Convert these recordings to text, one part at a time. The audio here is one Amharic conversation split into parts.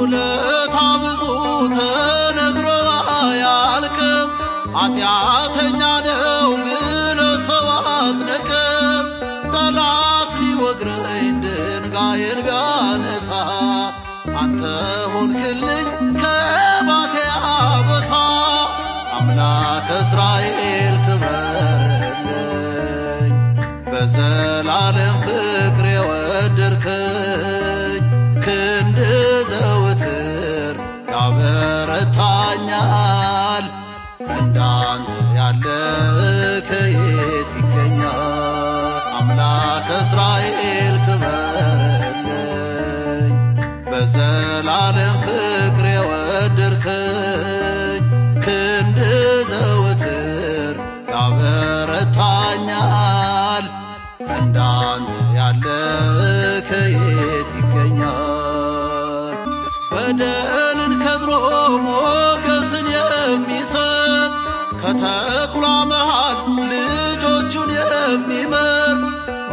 ውለታ ብዙ ተነግሮ አያልቅም። ኃጢአተኛ ነው ብለ ሰው አትንቅም። ጠላት ሊወግረኝ ድንጋዬን ጋነሳ አንተ ሆንክልኝ ከባቴ አበሳ አምላክ እስራኤል ክበርልኝ በዘላለም ፍቅር የወደድክኝ ያበረታኛል። እንዳንተ ያለ ከየት ይገኛል? አምላክ እስራኤል ክበርልኝ፣ በዘላለም ፍቅር የወደድክኝ ክንድ ዘውትር ያበረታኛል። እንዳንተ ያለ ከየት ይገኛል? ከድሮ ሞገስን የሚሰጥ ከተኩላ መሃል ልጆቹን የሚመር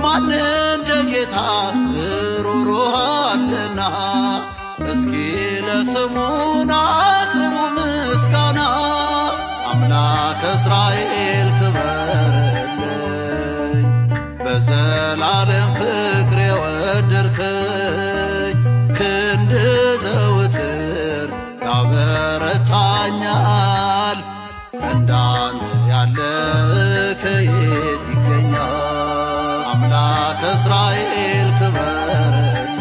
ማን እንደ ጌታ ሩህሩህ እስኪ ለስሙና አቅርቡ ምስጋና አምላከ እስራኤል ክበርልኝ በዘላለም ፍቅር የወደድክን ያበረታኛል። እንዳንተ ያለ ከየት ይገኛል? አምላከ እስራኤል ክበርልኝ፣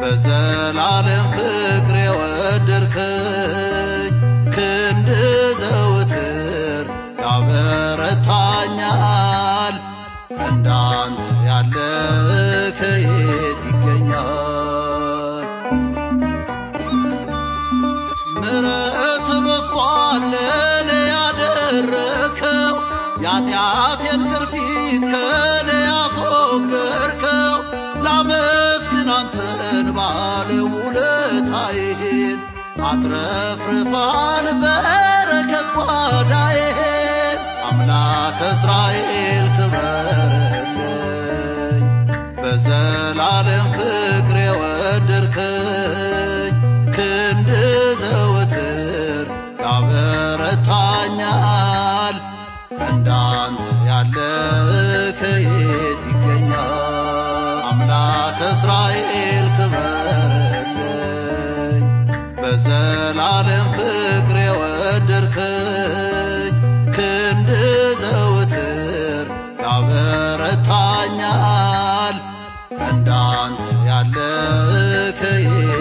በዘላለም ፍቅር የወደድክኝ ክንድ ዘውትር ያበረታኛል። እንዳንተ ያለ ከየት ለኔ ያደረከው የኃጢአቴን ቅርፊት ከኔ ያስወገርከው ላመስግን አንተን ባለውለታዬን አትረፍርፋል በረከት ጓዳዬን አምላከ እስራኤል ክበርልኝ በዘላለም ፍቅር የወደድከኝ ይገባኛል እንዳንተ ያለ ከየት ይገኛል? አምላክ እስራኤል ክበርልኝ፣ በዘላለም ፍቅር የወደድክኝ ክንድ ዘውትር ያበረታኛል እንዳንተ ያለ ከየት